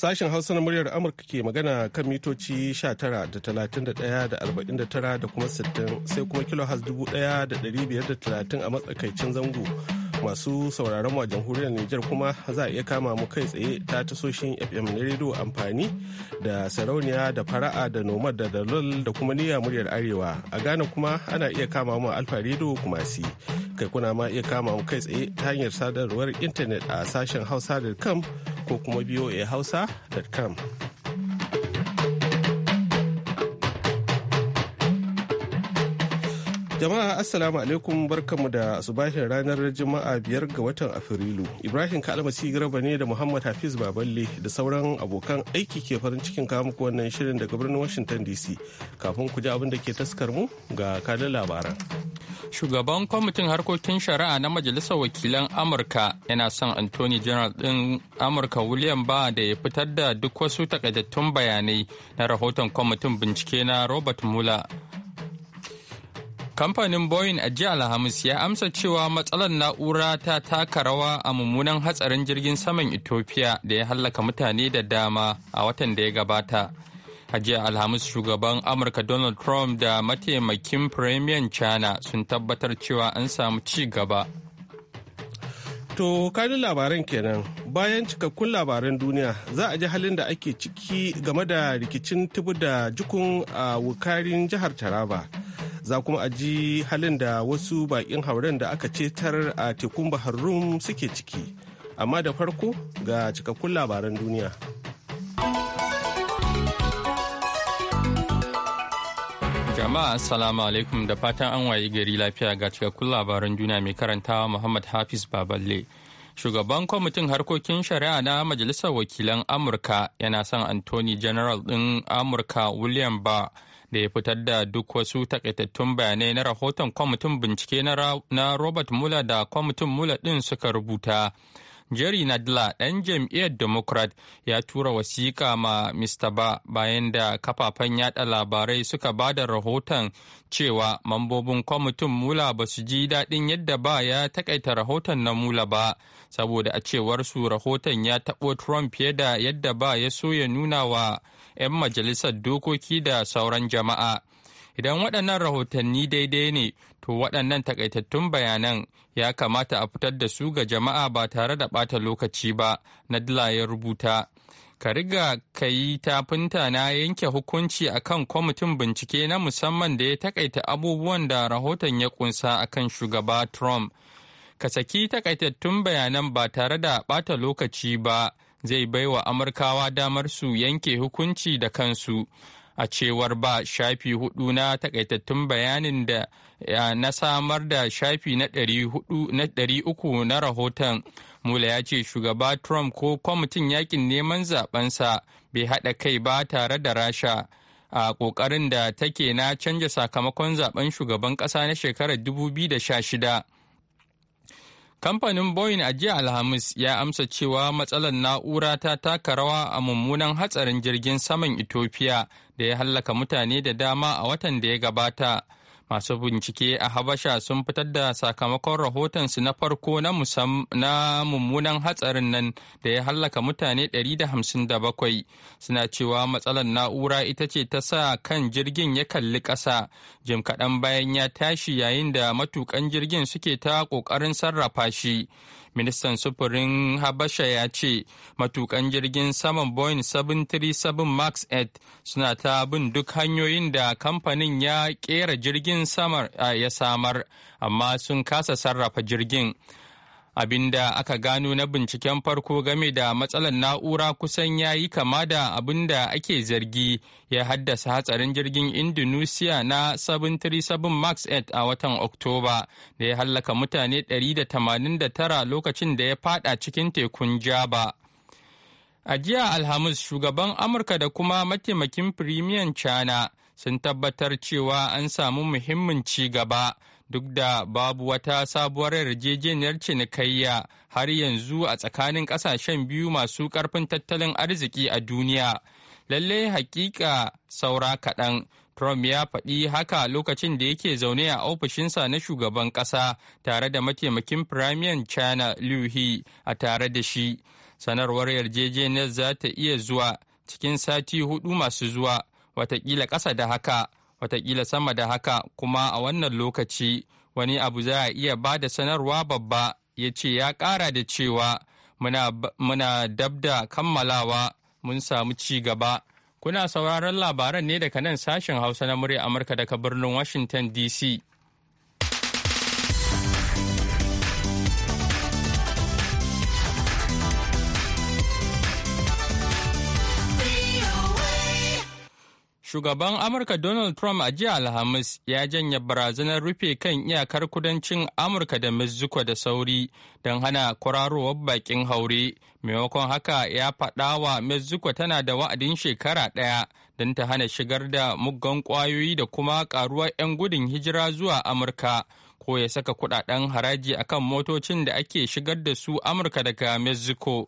Sashen Hausa na muryar Amurka ke magana kan mitoci 19 da 31 da 49 da kuma 60 sai kuma kilo 1530 a matsakaicin zango. masu sauraron mu a jamhuriyar Nijar kuma za a iya kama mu kai tsaye ta tasoshin FM na rediyo amfani da sarauniya da fara'a da noma da dalol da kuma niyya muryar arewa a Ghana kuma ana iya kama mu alfa rediyo kuma si kai kuna ma iya kama mu kai tsaye ta hanyar sadarwar intanet a sashen hausa.com ko kuma voa hausa.com. Jama'a Assalamu alaikum barkanmu da subahin ranar Juma'a biyar ga watan Afrilu. Ibrahim Kalmasi Garba ne da Muhammad Hafiz Baballe da sauran abokan aiki ke farin cikin kawo muku wannan shirin daga birnin Washington DC. Kafin ku ji abin da ke taskar mu ga kanin labaran. Shugaban kwamitin harkokin shari'a na Majalisar Wakilan Amurka yana son Anthony General ɗin Amurka William ba da ya fitar da duk wasu takaitattun bayanai na rahoton kwamitin bincike na Robert Mueller Kamfanin Boeing a jiya Alhamis ya amsa cewa matsalar na'ura ta taka rawa a mummunan hatsarin jirgin saman Ethiopia da ya hallaka mutane da dama a watan da ya gabata. A jiya Alhamis shugaban Amurka Donald Trump da mataimakin Premier China sun tabbatar cewa an samu ci gaba. To kanin labaran kenan bayan cikakkun labaran duniya za a ji halin da ake ciki game da rikicin tubu da jikun a wukarin jihar Taraba. za kuma a ji halin da wasu baƙin hauren da aka cetar a tekun bahar rum suke ciki amma da farko ga cikakkun labaran duniya jama'a assalamu alaikum da fatan an waye gari lafiya ga cikakkun labaran duniya mai karantawa muhammad hafiz baballe shugaban kwamitin harkokin shari'a na majalisar wakilan amurka yana son anthony general ɗin amurka william barr da ya fitar da duk wasu takaitattun bayanai na rahoton kwamitin bincike na Robert Mueller da kwamitin Mueller din suka rubuta. Jerry Nadler ɗan jam'iyyar Democrat ya tura wasiƙa ma Mr. Ba bayan da kafafen yada labarai suka ba da rahoton cewa mambobin kwamitin mula ba su ji daɗin yadda ba ya takaita rahoton na mula ba, saboda a cewar su rahoton ya taɓo Trump fiye da yadda ba ya so ya nuna wa 'yan majalisar dokoki da sauran jama'a idan waɗannan rahotanni daidai ne to waɗannan takaitattun bayanan ya kamata a fitar da su ga jama'a ba tare da ɓata lokaci ba nadla ya rubuta ka riga ka yi tafinta na yanke hukunci akan kwamitin bincike na musamman da ya takaita abubuwan da rahoton ya kunsa kan shugaba trump ka saki takaitattun bayanan ba tare da ɓata lokaci ba zai baiwa amurkawa damar su yanke hukunci da kansu a cewar ba shafi hudu na takaitattun bayanin da na samar da shafi na ɗari uku na rahoton mula ya ce shugaba trump ko kwamitin yakin neman zabensa bai haɗa kai ba tare da rasha a ƙoƙarin da take na canja sakamakon zaben shugaban ƙasa na shekarar 2016 Kamfanin Boeing a jiya Alhamis ya amsa cewa matsalar na'ura ta taka rawa a mummunan hatsarin jirgin saman Ethiopia da ya hallaka mutane da dama a watan da ya gabata. masu bincike a habasha sun fitar da sakamakon rahotonsu na farko na mummunan hatsarin nan da ya hallaka mutane 157 suna cewa matsalar na'ura ita ce ta sa kan jirgin ya kalli ƙasa jim kaɗan bayan ya tashi yayin da matukan jirgin suke ta ƙoƙarin sarrafa shi ministan sufurin habasha ya ce matukan jirgin saman boeing 737 max 8 suna ta bin duk hanyoyin da kamfanin ya kera jirgin samar ya samar amma sun kasa sarrafa jirgin abinda aka gano na binciken farko game da matsalar na'ura kusan ya yi kama da abinda ake zargi ya haddasa hatsarin jirgin indonesia na 737 max 8 a watan oktoba da ya hallaka mutane 189 lokacin da ya fada cikin tekun jaba a jiya alhamis shugaban amurka da kuma mataimakin firimiyan china sun tabbatar cewa an samu muhimmin ci gaba duk da babu wata sabuwar yarjejeniyar cinikayya har yanzu a tsakanin ƙasashen biyu masu ƙarfin tattalin arziki a duniya. Lalle hakika saura kaɗan. Trump ya faɗi haka lokacin da yake zaune a ofishinsa na shugaban ƙasa tare da mataimakin Firamiyan China Liu He a tare da shi. Sanarwar yarjejeniyar za ta iya zuwa cikin sati hudu masu zuwa, watakila ƙasa da haka. watakila sama da haka kuma a wannan lokaci wani abu za a iya ba da sanarwa babba ya ce ya kara da cewa muna, dab da kammalawa mun samu ci gaba kuna sauraron labaran ne daga nan sashen hausa na murya amurka daga birnin washington dc Shugaban Amurka Donald Trump a jiya Alhamis ya janye barazanar rufe kan iyakar kudancin Amurka da Mexico da sauri don hana kwararowar bakin haure. Maimakon haka ya faɗa wa Mexico tana da wa'adin shekara ɗaya don ta hana shigar da muggan ƙwayoyi da kuma ƙaruwar 'yan gudun hijira zuwa Amurka. Ko ya saka kuɗaɗen haraji akan motocin da ake shigar da su Amurka daga Mexico.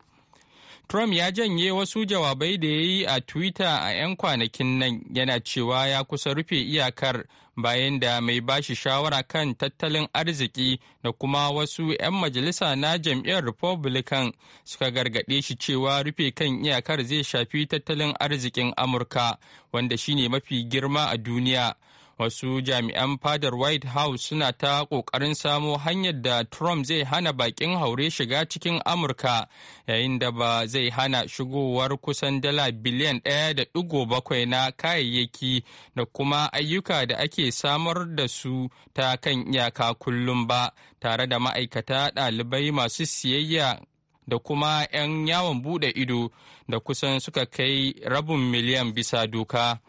Trump ya janye wasu jawabai da ya yi a Twitter a 'yan kwanakin nan yana cewa ya kusa rufe iyakar bayan da mai bashi shawara kan tattalin arziki da kuma wasu 'yan majalisa na jam'iyyar Republican suka gargaɗe shi cewa rufe kan iyakar zai shafi tattalin arzikin Amurka wanda shine mafi girma a duniya wasu jami'an fadar white house suna ta ƙoƙarin samo hanyar da trump zai hana bakin haure shiga cikin amurka yayin da ba zai hana shigowar kusan dala biliyan ɗaya da ɗigo bakwai na kayayyaki da kuma ayyuka da ake samar da su ta kan iyaka kullum ba tare da ma'aikata ɗalibai masu siyayya da kuma 'yan yawon buɗe ido da kusan suka kai rabin miliyan bisa doka.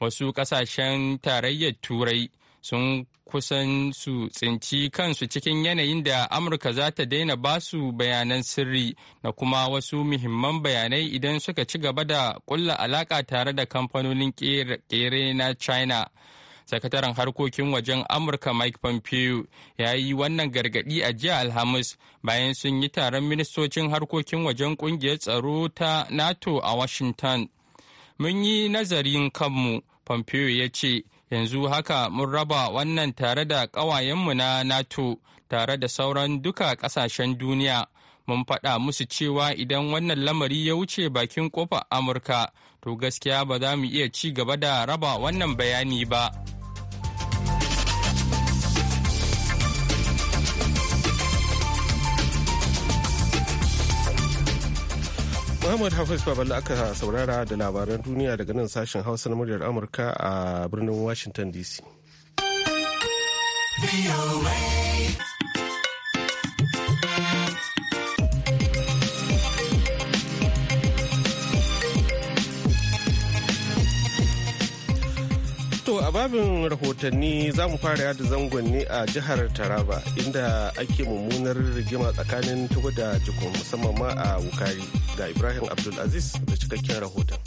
wasu kasashen tarayyar turai sun kusan su tsinci kansu cikin yanayin da amurka za ta daina ba su bayanan sirri na kuma wasu muhimman bayanai idan suka ci gaba da kulla alaka tare da kamfanonin kere na china sakataren harkokin wajen amurka mike pompeo ya yi wannan gargadi a jiya alhamis bayan sun yi taron ministocin harkokin wajen kungiyar tsaro ta nato a washington mun yi nazarin kanmu pompeo ya ce yanzu haka mun raba wannan tare da ƙawayenmu na nato tare da sauran duka ƙasashen duniya mun faɗa musu cewa idan wannan lamari ya wuce bakin ƙofar amurka to gaskiya ba za mu iya ci gaba da raba wannan bayani ba. Muhammad Hafiz Baballa aka saurara da labaran duniya daga nan sashen Hausa na muryar Amurka a birnin Washington DC. a babin rahotanni za mu fara yada zangon ne a jihar Taraba inda ake mummunar rigima tsakanin tugu da jikon musamman ma a Wukari ga Ibrahim Abdulaziz da cikakken rahoton.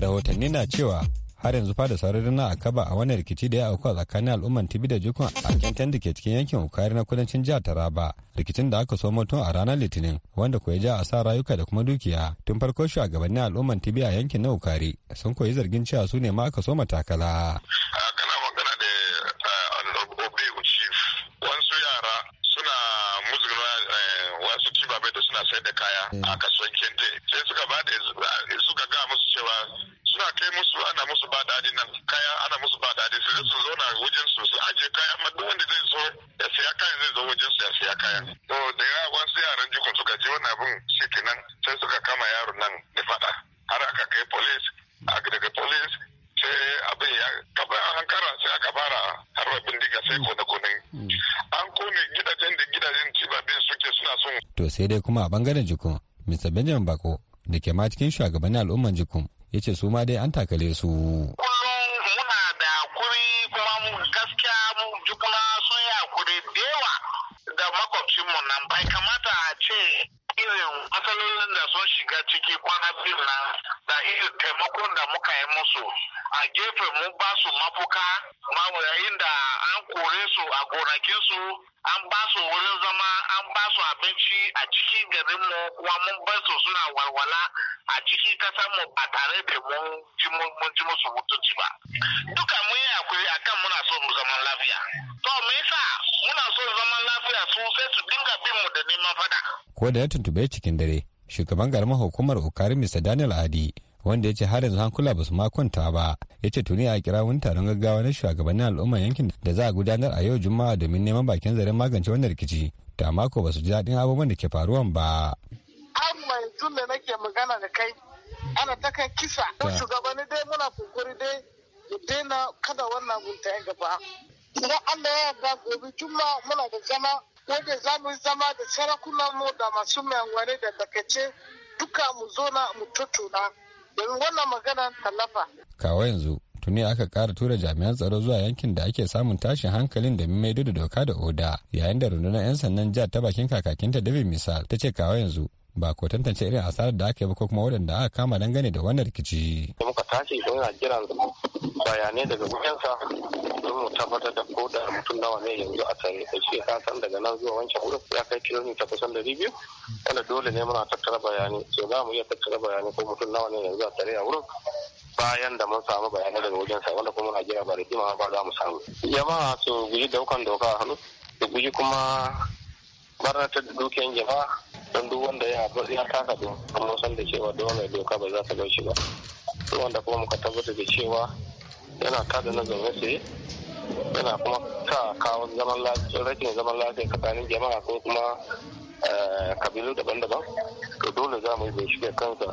Rahotanni na cewa har yanzu fa da sararin na akaba a wannan rikici da ya auku a tsakanin al'umman tibi da jikun a kintan da ke cikin yankin ukari na kudancin jihar taraba rikicin da aka so mutum a ranar litinin wanda ko ya ja a sa rayuka da kuma dukiya tun farko shugabannin al'umman tibi a yankin na ukari sun koyi zargin cewa su ne ma aka so matakala. sai dai kuma a bangaren jikun mr benjamin bako da ke ma cikin shugabannin al'umman jikun ya ce su dai an takale su muna da kuɗi kuma gaskiya jikuna sun yi hakuri da yawa da makwabcinmu nan bai kamata a ce irin matsalolin da sun shiga ciki kwana biyu na da irin taimakon da muka yi musu a gefen mu ba su mafuka ma yayin kore su a su an ba su wurin zama an ba su abinci a cikin mu kuma mun bar su suna walwala a cikin mu ba tare da mun ji musu mutunci ba duka mun yi akwai akan muna so mu zaman lafiya to me yasa muna so zaman lafiya su sai su dinga bin mu da neman fada ko da ya tuntube cikin dare shugaban garma hukumar okari mr daniel adi wanda ya ce har yanzu hankula ba su ma kwanta ba ya ce tuni a kira wani taron gaggawa na shugabannin al'ummar yankin da za a gudanar a yau juma'a domin neman bakin zaren magance wannan rikici ta mako ba su ji daɗin abubuwan da ke faruwan ba. har yanzu da nake magana da kai ana ta kan kisa shugabanni dai muna kokari dai ya daina kada wannan abun ta gaba. idan Allah ya yarda gobe juma'a muna da zama wanda za mu zama da sarakunan mu da masu mai da dakace duka mu zo na mu tattuna don wannan maganar tallafa. Kawo yanzu tuni aka ƙara tura jami'an tsaro zuwa yankin da ake samun tashin hankalin da maido da doka da oda yayin da rundunar 'yan sannan jihar ta bakin kakakinta david misal ta ce kawo yanzu ba ko tantance irin asarar da aka yi ba ko kuma wadanda aka kama dangane da wannan rikici. muka tashi don a jiran bayanai daga wuyansa don mu tabbatar da ko da mutum nawa ne yanzu a tare da shi ka san daga nan zuwa wancan wurin ya kai kilomita kusan da biyu wanda dole ne muna tattara bayanai so za mu iya tattara bayanai ko mutum nawa ne yanzu a tare a wurin bayan da mun samu bayanai daga wajensa wanda kuma muna jira ba da kima ba za mu samu. jama'a su guji daukan doka a hannu su guji kuma barnatar da dukiyan jama'a don duk wanda ya ya taka don kuma san da cewa da mai doka ba za ta bar shi ba duk wanda kuma muka tabbatar da cewa yana tada na zaune sai yana kuma ka kawo zaman lafiya rashin zaman lafiya tsakanin jama'a ko kuma eh, kabilu daban-daban to dole za mu yi bincike kansa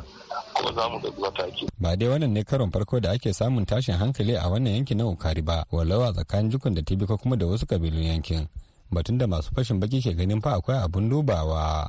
kuma za mu ɗauki mataki. ba dai wannan ne karon farko da ake samun tashin hankali a wannan yankin na ukari ba walau a tsakanin jukun da tibi ko kuma da wasu kabilun yankin batun da masu fashin baki ke ganin fa akwai abun dubawa.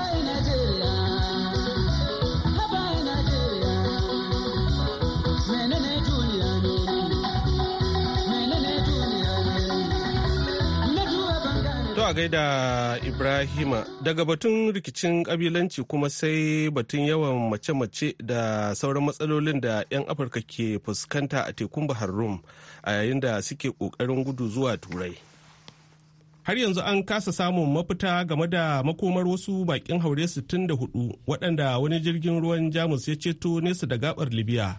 a gaida Ibrahima daga batun rikicin kabilanci kuma sai batun yawan mace-mace da sauran matsalolin da 'yan Afirka ke fuskanta a tekun Bahar Rum a yayin da suke ƙoƙarin gudu zuwa Turai. Har yanzu an kasa samun mafita game da makomar wasu bakin haure 64 waɗanda wani jirgin ruwan Jamus ya ceto nesa da gabar Libya.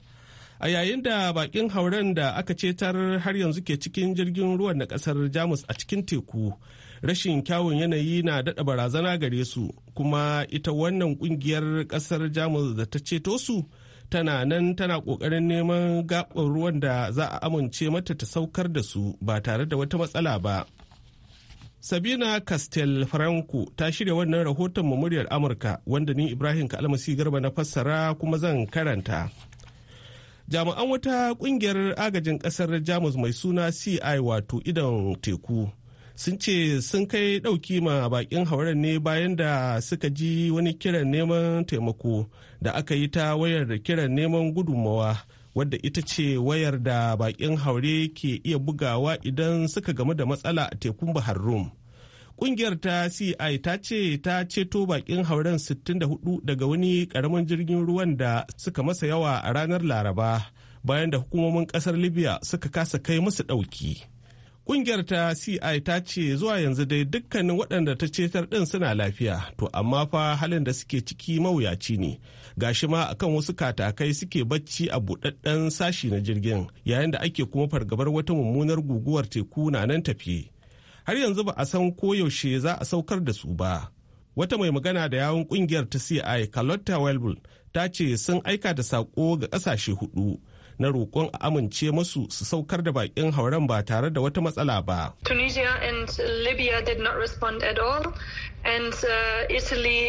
a yayin da bakin hauren da aka cetar har yanzu ke cikin jirgin ruwan na kasar jamus a cikin teku rashin kyawun yanayi na daɗa barazana gare su kuma ita wannan ƙungiyar ƙasar jamus da ta ceto su tana nan tana ƙoƙarin neman gaɓar ruwan da za a amince mata ta saukar da su ba tare da wata matsala ba Sabina Castel Franco ta shirya wannan rahoton muryar Amurka wanda ni Ibrahim Kalmasi Garba na fassara kuma zan karanta. jami'an wata kungiyar agajin kasar jamus mai suna ci wato idon teku sun ce sun kai dauki ma bakin hauren ne bayan da suka ji wani kiran neman taimako da aka yi ta wayar da kiran neman gudunmawa wadda ita ce wayar da bakin haure ke iya bugawa idan suka gamu da matsala a tekun bahar rum Kungiyar ta CI ta ce ta ceto bakin hauren 64 daga wani karamin jirgin ruwan da suka masa yawa a ranar Laraba bayan da hukumomin kasar Libya suka kasa kai musu ɗauki. Kungiyar ta CI ta ce zuwa yanzu dai dukkanin waɗanda ta cetar ɗin suna lafiya, to amma fa halin da suke ciki mawuyaci ne. Gashi ma akan wasu katakai suke bacci a buɗaɗɗen sashi na jirgin, yayin da ake kuma fargabar wata mummunar guguwar teku na nan tafiye. har yanzu ba a san koyaushe za a saukar da su ba wata mai magana da yawun kungiyar ta ci carlotta welbl ta ce sun aika da saƙo ga ƙasashe hudu na roƙon a amince masu su saukar da baƙin hauren ba tare da wata matsala ba. Uh,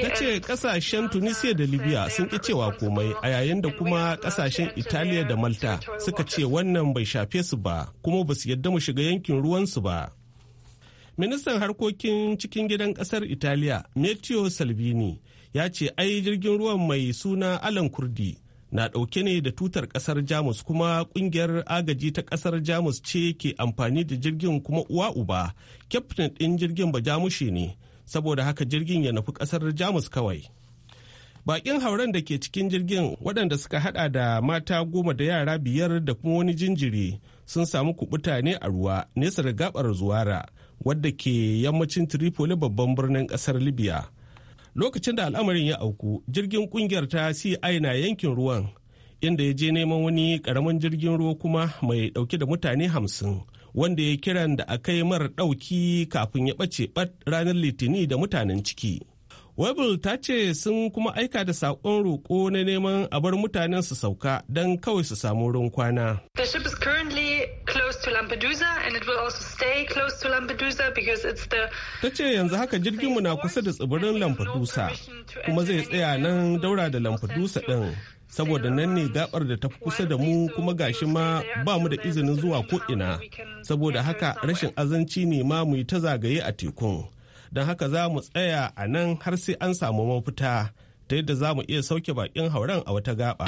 ta ce kasashen Tunisia da Libya sun ƙi cewa komai a yayin da kuma ƙasashen Italiya da Malta suka ce wannan bai shafe su ba kuma ba su yadda mu shiga yankin ruwansu ba. ministan harkokin cikin gidan kasar italiya matteo salvini ya ce ai jirgin ruwan mai suna alan kurdi na ɗauke ne da tutar ƙasar jamus kuma ƙungiyar agaji ta ƙasar jamus ce ke amfani da jirgin kuma uwa uba kyaftin ɗin jirgin ba jamushi ne saboda haka jirgin ya nufi ƙasar jamus kawai Baƙin hauren da ke cikin jirgin waɗanda suka haɗa da mata goma da yara biyar da kuma wani jinjiri sun samu kubuta ne a ruwa nesa da gabar zuwara wadda ke yammacin tripoli babban birnin kasar libya lokacin da al'amarin ya auku jirgin kungiyar ta ci na yankin ruwan inda ya je neman wani karamin jirgin ruwa kuma mai dauke da mutane hamsin wanda ya kiran da a kai mara dauki kafin ya bace bat ranar litini da mutanen ciki webul ta ce sun kuma aika da saƙon roƙo na neman a bar mutanen su sauka don kawai su samu wurin kwana. The ship is currently to Lampedusa and it will also stay close to Lampedusa because it's the Ta ce yanzu haka jirgin mu na kusa da tsibirin Lampedusa kuma zai tsaya nan daura da Lampedusa din saboda nan ne gabar da ta fi kusa da mu kuma gashi ma ba mu da izinin zuwa ko ina saboda haka rashin azanci ne ma mu yi ta zagaye a tekun don haka za mu tsaya a nan har sai an samu mafita ta yadda za mu iya sauke bakin hauren a wata gaba.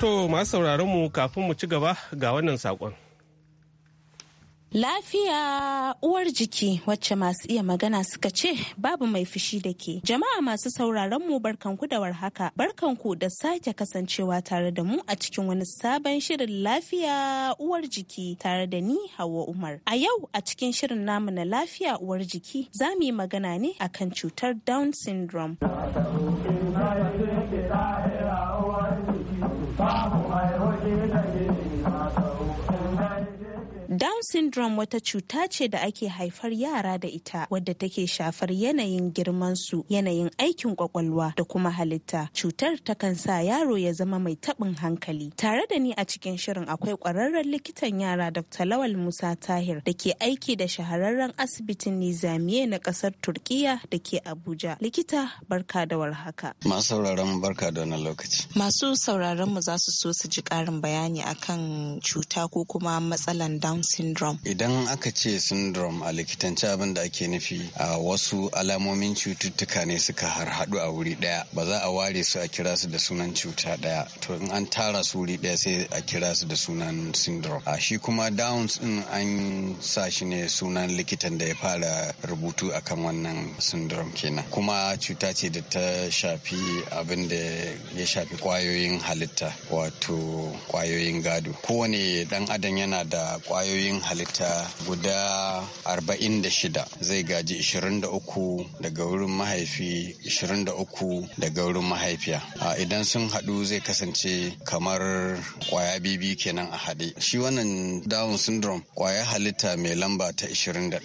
To masu sauraron mu kafin mu ci gaba ga wannan saƙon. Lafiya uwar jiki wacce masu iya magana suka ce babu mai fushi da ke. Jama'a masu sauraron mu barkanku da warhaka. Barkanku da sake kasancewa tare da mu a cikin wani sabon shirin lafiya uwar jiki tare da ni Hauwa Umar. A yau a cikin shirin namu na lafiya uwar jiki za mu yi magana ne akan cutar Down syndrome. Vamos. Down syndrome wata cuta ce da ake haifar yara da ita wadda take shafar yanayin girmansu, yanayin aikin kwakwalwa da kuma halitta. Cutar takan sa yaro ya zama mai taɓin hankali. Tare da ni a cikin shirin akwai ƙwararren likitan yara Dr. Lawal Musa Tahir da ke aiki da shahararren asibitin Nizamiye na ƙasar Turkiya da ke Abuja. Likita barka da warhaka. Masu sauraron barka da wannan lokaci. Masu sauraron mu za su so su ji ƙarin bayani akan cuta ko kuma matsalan Down syndrome. Idan aka ce syndrome a likitance abin da ake nufi a wasu alamomin cututtuka ne suka harhaɗu a wuri ɗaya ba za a ware su a kira su da sunan cuta ɗaya to in an tara su wuri ɗaya sai a kira su da sunan syndrome. A shi kuma Downs ɗin an sa shi ne sunan likitan da ya fara rubutu akan wannan syndrome kenan kuma cuta ce da ta shafi abin da ya shafi kwayoyin halitta wato kwayoyin gado kowane dan adam yana da kwayoyin ƙwayoyin halitta guda 46 zai gaji 23 daga wurin mahaifi 23 daga wurin mahaifiya a idan sun haɗu zai kasance kamar ƙwaya bibi kenan a haɗe shi wannan down syndrome ƙwaya halitta mai lamba ta 21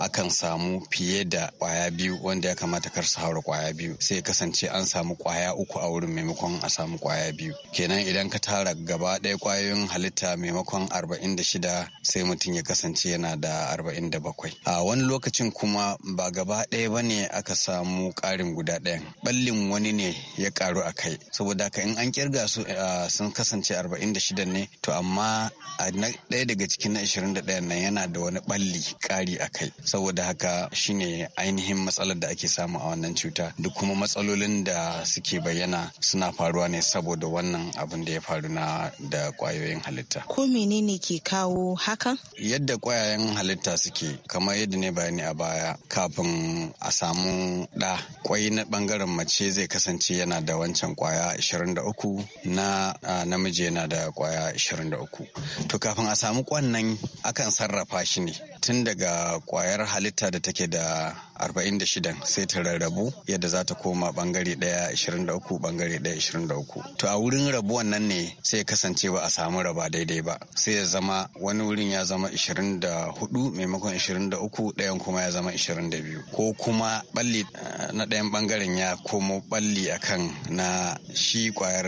akan samu fiye da ƙwaya biyu wanda ya kamata kar su haura ƙwaya biyu sai kasance an samu ƙwaya uku a wurin maimakon a samu ƙwaya biyu kenan idan ka tara gaba ɗaya ƙwayoyin halitta maimakon 46 sai sai mutum ya kasance yana da 47 a wani lokacin kuma ba gaba ɗaya ba ne aka samu ƙarin guda ɗayan ɓallin wani ne ya ƙaru a kai saboda haka in an kirga su sun kasance 46 ne to amma a ɗaya daga cikin na 21 nan yana da wani ɓalli ƙari a kai saboda haka shine ainihin matsalar da ake samu a wannan cuta duk kuma matsalolin da suke bayyana suna faruwa ne saboda wannan abin da ya faru na da ƙwayoyin halitta ko menene ke kawo haka hakan? Yadda ƙwayayen halitta suke kamar yadda ne bayani a baya kafin a samu ɗa kwai na ɓangaren mace zai kasance yana da wancan kwaya 23 na namiji yana da kwaya 23. To kafin a samu nan akan sarrafa shi ne tun daga kwayar halitta da take da 46 sai ta rarrabu yadda za ta koma bangare daya 23 bangare daya 23 to a wurin rabuwan nan ne sai kasance ba a samu raba daidai ba sai ya zama wani wurin ya zama 24 maimakon 23 ɗayan kuma ya zama 22 ko kuma balli eh, na ɗayan bangaren ya komo balli akan na shi kwayar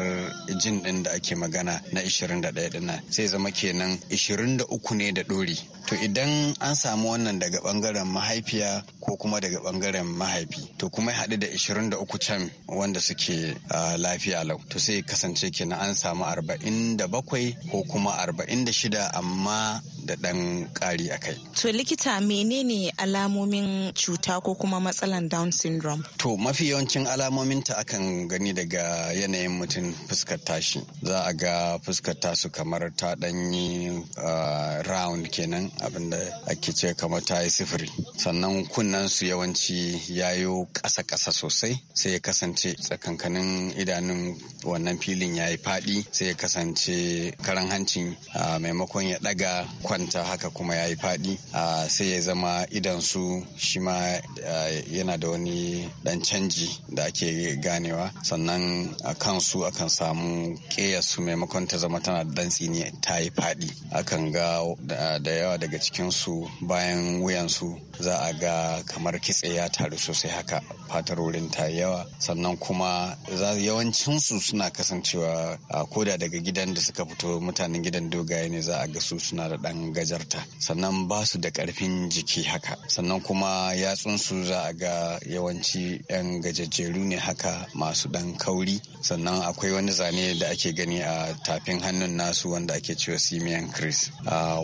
jin din da ake magana na 21 dinnan sai zama kenan 23 ne da ɗori to idan an samu wannan daga bangaren mahaifiya ko kuma daga bangaren mahaifi to kuma ya haɗu da 23 can wanda suke lafiya lau to sai kasance kenan an samu 47 ko kuma 46 amma da ɗan ƙari a kai. To likita menene alamomin cuta ko kuma matsalan Down syndrome? To mafi yawancin alamomin ta akan gani daga yanayin mutum fuskar tashi. Za a ga fuskar tasu kamar ta ɗanyi round kenan abinda ake ce kamar ta yi sifiri. Sannan kunnen su yawanci yayo ƙasa-ƙasa sosai sai ya kasance tsakankanin idanun wannan filin ya yi faɗi sai ya kasance karan hancin maimakon ya ɗaga kwanta haka kuma ya yi faɗi sai ya zama idansu shi ma yana da wani ɗan canji da ake ganewa sannan a kansu akan samu su maimakon ta zama tana da ɗan tsini ta yi faɗi akan ga da yawa daga cikin su bayan wuyan su. za a ga kamar kitse ya taru sosai haka fatar wurin ta yawa sannan kuma yawancinsu suna kasancewa a koda daga gidan da suka fito mutanen gidan dogaye ne za a ga su suna da ɗan gajarta sannan ba su da karfin jiki haka sannan kuma yatsunsu za a ga yawanci 'yan gajajjeru ne haka masu ɗan kauri sannan akwai wani zane da ake gani a tafin hannun nasu wanda ake cewa simian chris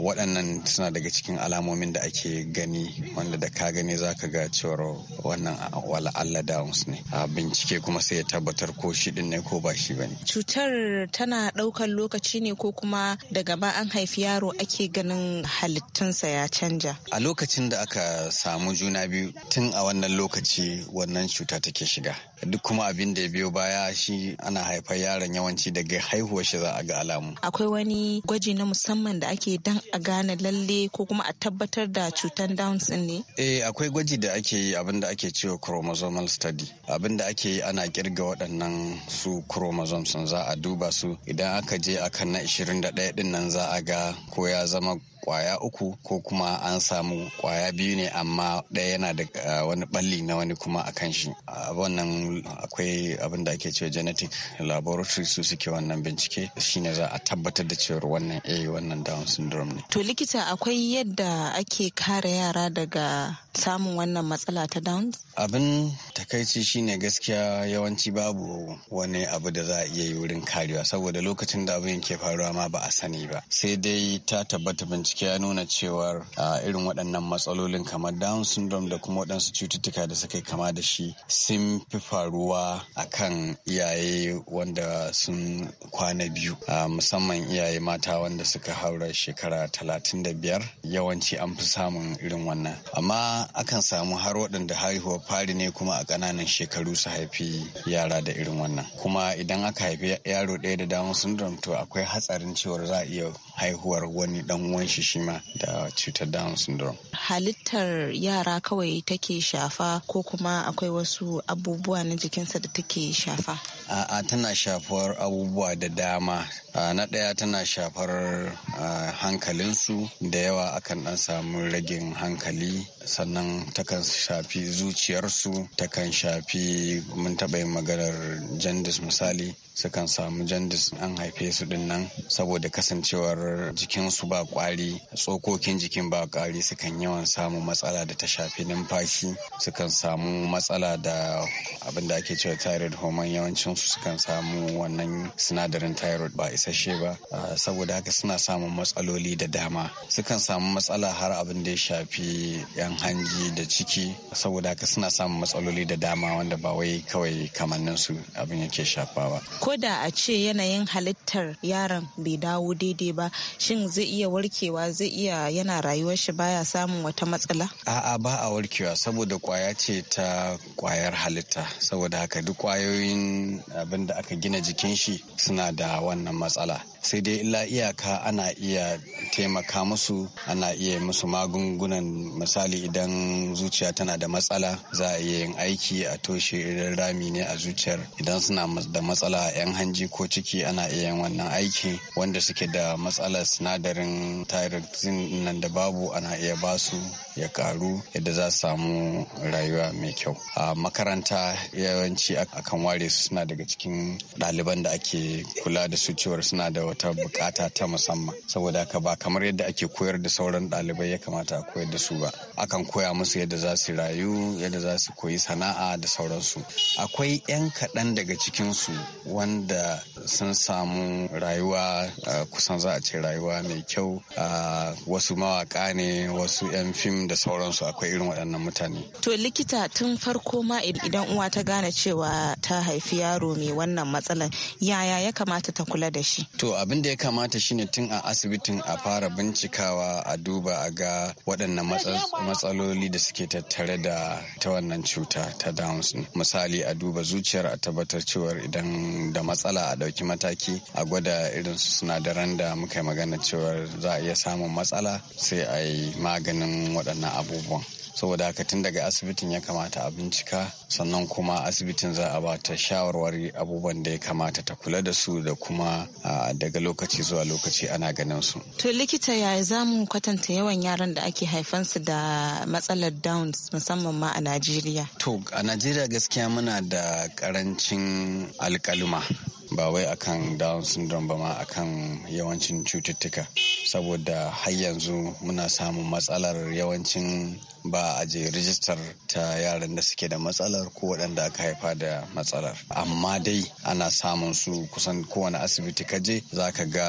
waɗannan suna daga cikin alamomin da ake gani wanda da ka gani za ka ga cewar wannan wala Allah Downs ne a bincike kuma sai ya tabbatar ko shi din ne ko ba shi ba ne. Cutar tana ɗaukar lokaci ne ko kuma daga ba an haifi yaro ake ganin halittunsa ya canja. A lokacin da aka samu juna biyu tun a wannan lokaci wannan cuta take shiga. duk kuma abin da ya biyo baya shi ana haifar yaron yawanci daga haihuwar shi za a ga alamu akwai wani gwaji na musamman da ake dan a gane lalle ko kuma a tabbatar da cutar downs ne eh akwai gwaji da ake yi abin da ake cewa chromosomal study abin da ake yi ana kirga waɗannan su chromosomes za a duba su idan aka je akan na 21 din nan za a ga ko ya zama kwaya uku ko kuma an samu kwaya biyu ne amma ɗaya yana da wani balli na wani kuma a kan shi wannan akwai abin da ake cewa genetic laboratory su suke wannan bincike shine za a tabbatar da cewar wannan a eh, wannan down syndrome ne to likita akwai yadda ake kare yara daga samun wannan matsala ta down? Abin takaici shine gaskiya yawanci babu wani abu da za a iya yi wurin karewa saboda lokacin da abin ke faruwa ma ba a sani ba. Sai dai ta tabbata bincike ya nuna cewar irin waɗannan matsalolin kamar down syndrome da kuma waɗansu cututtuka da suka kama da shi sun fi faruwa a kan iyaye wanda sun kwana biyu musamman iyaye mata wanda suka haura shekara talatin da biyar yawanci an fi samun irin wannan amma akan samu har waɗanda haihuwar fari ne kuma a ƙananan shekaru su haifi yara da irin wannan kuma idan aka haifi yaro ɗaya da down syndrome to akwai hatsarin cewar za a iya haihuwar wani dan uwan shi shima da cutar down syndrome halittar yara kawai take shafa ko kuma akwai wasu abubuwa na jikinsa da take shafa A'a tana shafar abubuwa da dama. Na ɗaya tana shafar hankalinsu da yawa akan ɗan samu ragin hankali sannan takan shafi zuciyarsu takan shafi mun taɓa yin maganar jandis misali sukan samu jandis an haife su din nan saboda kasancewar jikinsu ba kwari tsokokin jikin ba kwari sukan yawan samu matsala da ta shafi numfashi sukan samu matsala da abin da ake cewa thyroid hormone yawancin sauransu sukan samu wannan sinadarin thyroid ba isasshe ba saboda haka suna samun matsaloli da dama sukan samu matsala har abin da ya shafi yan hanji da ciki saboda haka suna samun matsaloli da dama wanda ba wai kawai kamannin su abin yake shafa ba ko da a ce yanayin halittar yaron bai dawo daidai ba shin zai iya warkewa zai iya yana rayuwar shi baya samun wata matsala a'a ba a warkewa saboda kwaya ce ta kwayar halitta saboda haka duk kwayoyin abin da aka gina jikin shi suna da wannan matsala sai dai illa iyaka ana iya taimaka musu ana iya musu magungunan misali idan zuciya tana da matsala za a iya yin aiki a toshe irin rami ne a zuciyar idan suna da matsala a yan hanji ko ciki ana iya yin wannan aiki wanda suke da matsalar sinadarin thyroxine nan da babu ana iya basu ya karu yadda za su samu rayuwa mai kyau a makaranta yawanci akan ware su suna daga cikin ɗaliban da ake kula da su cewar suna da wata bukata ta musamman saboda haka ba kamar yadda ake koyar da sauran dalibai ya kamata a koyar da su ba akan koya musu yadda za su rayu yadda za su koyi sana'a da sauransu akwai 'yan kaɗan daga cikin su wanda sun samu rayuwa kusan za a ce rayuwa mai kyau wasu mawaka ne wasu 'yan fim da sauransu akwai irin waɗannan mutane to likita tun farko ma idan uwa ta gane cewa ta haifi yaro mai wannan matsalar yaya ya kamata ta kula da shi to abin da ya kamata shine tun a asibitin a fara bincikawa a duba a ga waɗannan matsaloli da suke tattare da ta wannan cuta ta downs misali a duba zuciyar a tabbatar cewar idan da matsala a ɗauki mataki a gwada irin su sinadaran da muka yi magana cewar za a iya samun matsala sai a yi maganin waɗannan abubuwan saboda haka tun daga asibitin ya kamata a bincika sannan kuma asibitin za a bata shawarwari abubuwan da ya kamata ta kula da su da kuma daga lokaci zuwa lokaci ana ganin su to likita yaya za mu kwatanta yawan yaran da ake haifansu da matsalar downs musamman ma a najeriya to a najeriya gaskiya muna da karancin alkaluma ba wai akan down syndrome ba ma akan yawancin cututtuka saboda har yanzu muna samun matsalar yawancin ba a je rijistar ta yaran da suke da matsalar ko waɗanda aka haifa da matsalar amma dai ana samun su kusan kowane asibiti ka je za ka ga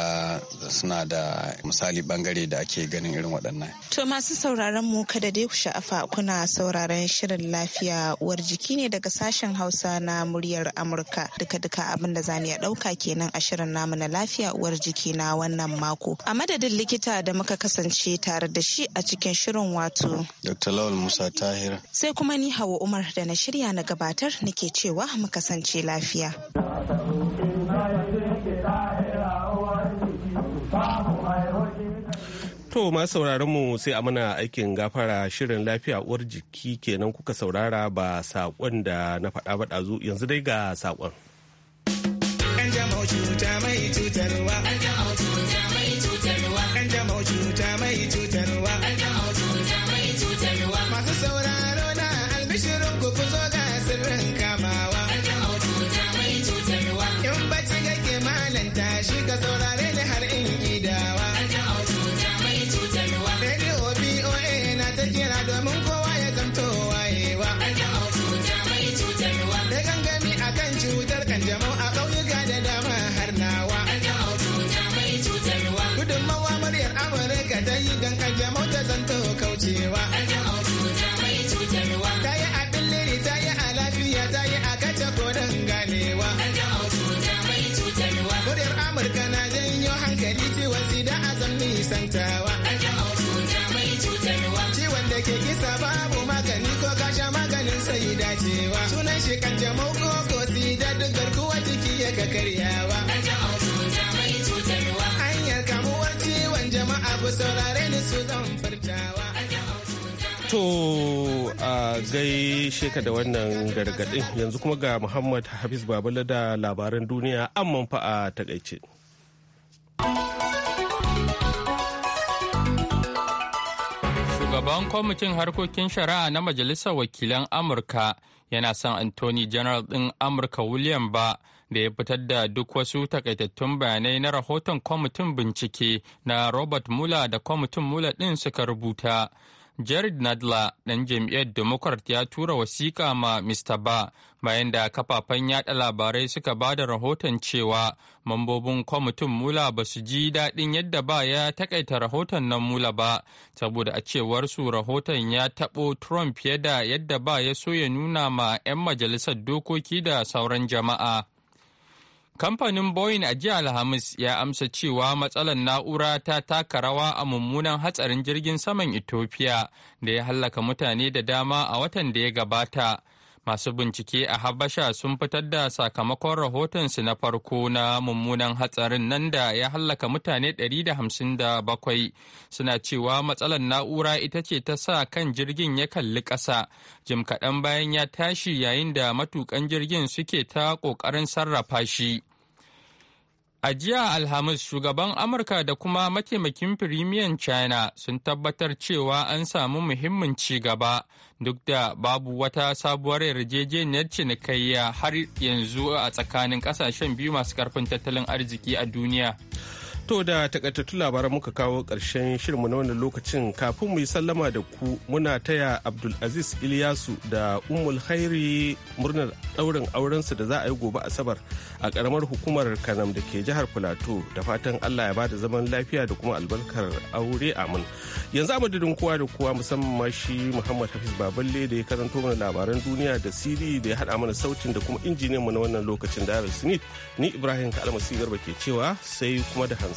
suna da misali bangare da ake ganin irin waɗannan to masu sauraron mu kada dai ku sha'afa kuna sauraron shirin lafiya uwar jiki ne daga sashen hausa na muryar amurka duka-duka abin da zane ya ɗauka kenan a shirin namu na lafiya uwar jiki na wannan mako. A madadin likita da muka kasance tare da shi a cikin shirin wato. Dr. Lawal Musa Tahir. Sai kuma ni Hawa Umar da na shirya na gabatar nake cewa mu kasance lafiya. To ma sauraron mu sai a mana aikin gafara shirin lafiya uwar jiki kenan kuka saurara ba saƙon da na faɗa ba yanzu dai ga saƙon. Kanjamau cuta mai cutarwa. Kanjamau cuta mai cutarwa. sa babu magani ko ka sha maganin sai dacewa sunan shi kanjamau ko ko sida duk garkuwa jiki ya ka karyawa hanyar kamuwar ciwon jama'a ku saurare ni su zan furtawa To a gai sheka da wannan gargaɗin yanzu kuma ga Muhammad Hafiz Babala da labaran duniya amman fa a takaice. Shugaban kwamitin harkokin shari'a na Majalisar Wakilan Amurka yana son Anthony General ɗin Amurka William ba da ya fitar da duk wasu takaitattun bayanai na rahoton kwamitin bincike na Robert Mueller da kwamitin Mueller ɗin suka rubuta jared nadler ɗan jam'iyyar democrat ya tura wasiƙa ma mr ba bayan da kafafen yaɗa labarai suka ba da rahoton cewa mambobin kwamitin mula ba su ji daɗin yadda ba ya takaita rahoton nan mula ba saboda a cewar su rahoton ya taɓo trump fiye da yadda ba ya so ya nuna ma 'yan majalisar dokoki da sauran jama'a Kamfanin Boeing a jiya Alhamis ya amsa cewa matsalar na'ura ta taka rawa a mummunan hatsarin jirgin saman Ethiopia da ya hallaka mutane da dama a watan da ya gabata. Masu bincike a Habasha sun fitar da sakamakon rahotonsu na farko na mummunan hatsarin nan da ya hallaka mutane 157 suna cewa matsalar na'ura ita ce ta sa kan jirgin ya kalli ƙasa jim kaɗan bayan ya tashi yayin da matukan jirgin suke ta ƙoƙarin sarrafa shi. A jiya Alhamis shugaban Amurka da kuma mataimakin firimiyan China sun tabbatar cewa an samu muhimmin ci gaba duk da babu wata sabuwar yarjejeniyar cinikayya har yanzu a tsakanin kasashen biyu masu karfin tattalin arziki a duniya. To da takaitattu labaran muka kawo karshen shirinmu na wannan lokacin kafin mu yi sallama da ku muna taya Abdulaziz ilyasu da Ummul Khairi murnar ɗaurin aurensu da za a yi gobe Asabar a karamar hukumar Kanam da ke jihar Filato da fatan Allah ya bada zaman lafiya da kuma albarkar aure amin. Yanzu a madadin kowa da kowa musamman ma shi Muhammad Hafiz Baballe da ya karanto mana labaran duniya da siri da ya haɗa mana sautin da kuma injiniyanmu na wannan lokacin da Smith ni Ibrahim Kalmasi Garba ke cewa sai kuma da hanzu.